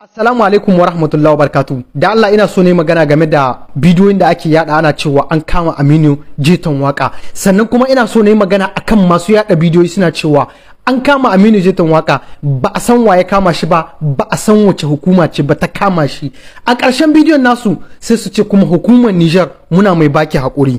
Assalamu alaikum wa rahmatullahi wa barkatu. Da Allah ina so ne magana game da bidiyoyin da ake yada ana cewa an kama Aminu Jeton waka. Sannan kuma ina so ne magana akan masu yada bidiyoyi suna cewa an kama Aminu Jeton waka ba a san waye kama shi ba ba a san wace hukuma ce ba ta kama shi. A ƙarshen bidiyon nasu sai su ce kuma hukumar Nijar muna mai baki haƙuri.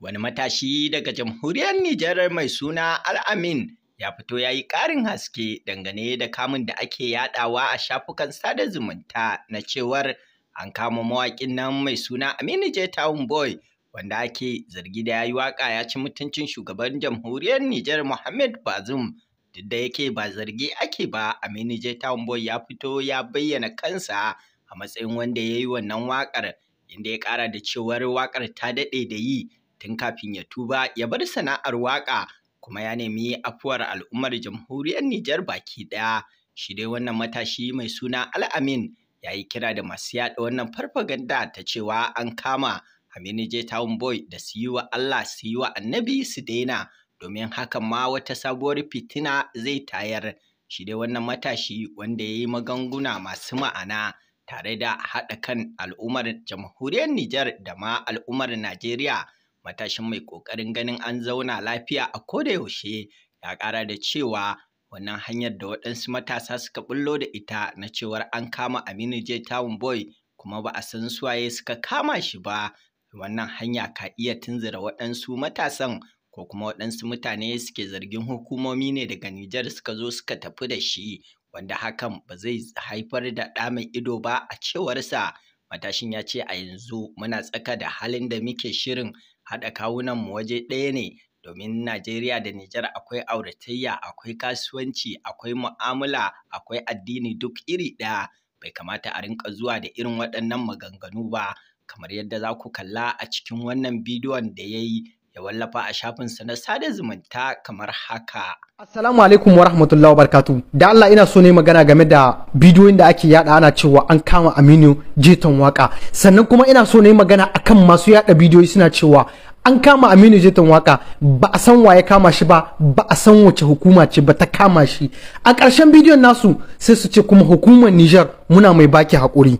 Wani matashi daga jamhuriyar Nijar mai suna Al-Amin ya fito ya yi ƙarin haske dangane da kamun da ake yadawa a shafukan sada zumunta na cewar an kama mawaƙin nan mai suna Aminu J Town Boy wanda ake zargi da ya yi waka ya ci mutuncin shugaban jamhuriyar Nijar Muhammad Bazoum duk da yake ba zargi ake ba Aminu J Town Boy ya fito ya bayyana kansa a matsayin wanda ya yi wannan wakar, inda ya kara da cewar wakar ta daɗe da yi tun kafin ya tuba ya bar sana'ar waka. kuma ya nemi afuwar al'ummar jamhuriyar Nijar baki ɗaya. Shi dai wannan matashi mai suna Al'amin ya yi kira da masu yaɗa wannan farfaganda ta cewa an kama Aminu J Town Boy da su yi wa Allah su yi wa annabi su daina domin hakan ma wata sabuwar fitina zai tayar. Shi dai wannan matashi wanda ya yi maganguna masu ma'ana tare da haɗa kan al'ummar jamhuriyar Nijar da ma al'ummar Najeriya. matashin mai ƙoƙarin ganin an zauna lafiya a koda yaushe ya ƙara da cewa wannan hanyar da waɗansu matasa suka ɓullo da ita na cewar an kama Aminu J Town Boy kuma ba a san suwaye suka kama shi ba wannan hanya ka iya tunzura waɗansu matasan ko kuma waɗansu mutane suke zargin hukumomi ne daga Nijar suka zo suka tafi da shi wanda hakan ba zai haifar da ɗa mai ido ba a cewarsa matashin ya ce a yanzu muna tsaka da halin da muke shirin haɗa kawunan mu waje ɗaya ne domin Najeriya da Nijar akwai auratayya, akwai kasuwanci, akwai mu'amala, akwai addini duk iri ɗaya. Bai kamata a rinƙa zuwa da irin waɗannan maganganu ba, kamar yadda za ku kalla a cikin wannan bidiyon da ya yi. da wallafa a shafinsa na sada zumunta kamar haka. Assalamu alaikum wa rahmatullahi wa barkatu. Da Allah ina so ne magana game da bidiyoyin da ake yada ana cewa an kama Aminu Jeton waka. Sannan kuma ina so ne magana akan masu yada bidiyoyi suna cewa an kama Aminu Jeton waka ba a san waye kama shi ba ba a san wace hukuma ce ba ta kama shi. A ƙarshen bidiyon nasu sai su ce kuma hukumar Niger muna mai baki haƙuri.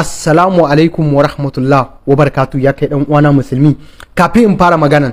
assalamu alaikum wa rahmatullah wa barkatu ya kai dan uwana musulmi kafin in fara maganan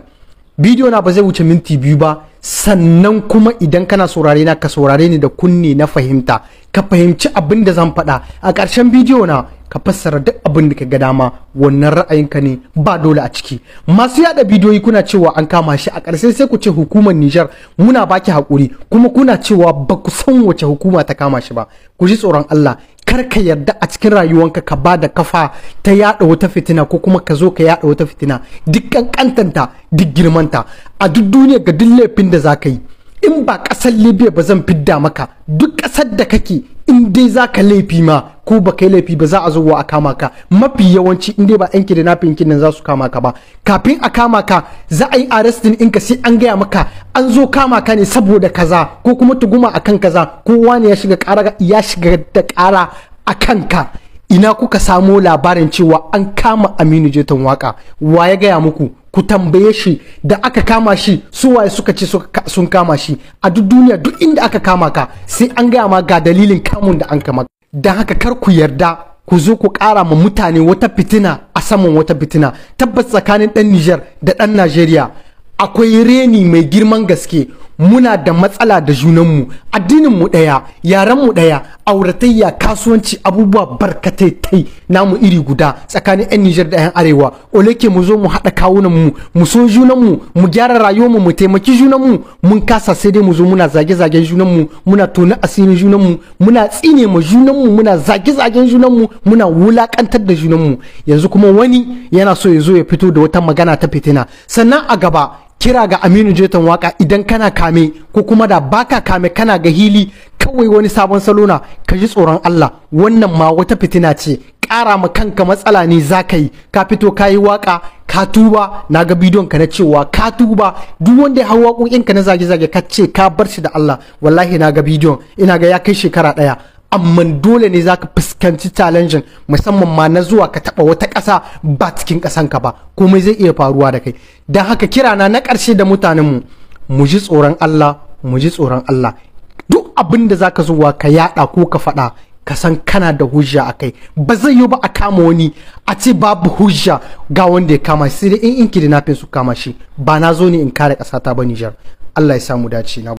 bidiyo na ba zai wuce minti biyu ba sannan kuma idan kana saurare na ka saurare ni da kunne na fahimta ka fahimci abin da zan faɗa a ƙarshen bidiyo na ka fassara duk abin da ka ga dama wannan ka ne ba dole a ciki masu yada bidiyoyi kuna cewa an kama shi a ƙarshe sai ku ce hukumar Nijar muna baki hakuri kuma kuna cewa ba ku san wace hukuma ta kama shi ba ku ji tsoron Allah kar ka yarda a cikin rayuwanka ka ba da kafa ta yada wata fitina ko kuma ka zo ka yada wata fitina duk kankantanta duk girmanta a duk duniya ga duk laifin da za ka yi in ba ƙasar Libya ba zan fidda maka duk ƙasar da kake in dai za ka laifi ma ko ba kai laifi ba za a zo wa a kama ka mafi yawanci in dai ba yanki da nafin yankin nan za su kama ka ba kafin a kama ka za a yi arrestin in ka sai an gaya maka an zo kama ka ne saboda kaza ko kuma tuguma akan kaza kowa ne ya shiga kara ya shiga da kara akan ka ina kuka samo labarin cewa an kama Aminu Jeton Waka wa ya gaya muku ku tambaye shi da aka kama shi su waye suka ce sun kama shi a duk duniya duk inda aka kama ka sai an gaya ma ga dalilin kamun da an kama da haka kar ku yarda ku zo ku ƙara ma mutane wata fitina a saman wata fitina tabbas tsakanin ɗan Nijar da ɗan Najeriya akwai reni mai girman gaske muna da matsala da junanmu addininmu ɗaya yarenmu ɗaya auratayya kasuwanci abubuwa barkatai namu iri guda tsakanin 'yan nijar da 'yan arewa oleke mu zo mu haɗa kawunanmu mu so junanmu mu gyara rayuwarmu mu taimaki junanmu mun kasa sai dai mu zo muna zage-zagen junanmu muna tona asirin junanmu muna tsine ma junanmu muna zage-zagen junanmu muna wulakantar da junanmu yanzu kuma wani yana so ya zo ya fito da wata magana ta fitina sannan a gaba kira ga aminu jeton waka idan kana kame ko kuma da baka kame kana ga hili kawai wani sabon salo na ka ji tsoron allah wannan ma wata fitina ce ƙara ma kanka matsala ne za ka yi ka fito ka yi waka ka tuba na ga bidiyon na cewa ka tuba duk wanda ya hau waƙoƙinka na zage-zage ka ce ka bar shi da allah wallahi na ga bidiyon ina ga ya kai shekara ɗaya amma dole ne za ka fuskanci challenge musamman ma na zuwa ka taba wata ƙasa ba cikin ka ba komai zai iya faruwa da kai don haka kira na na ƙarshe da mutanenmu mu ji tsoron Allah mu ji tsoron Allah duk abin da zaka zuwa ka yada ko ka faɗa ka san kana da hujja a kai ba zai yi ba a kama wani a ce babu hujja ga wanda ya kama sai dai in in kidnapping su kama shi ba na zo ne in kare ƙasata ba Nijar Allah ya samu dace na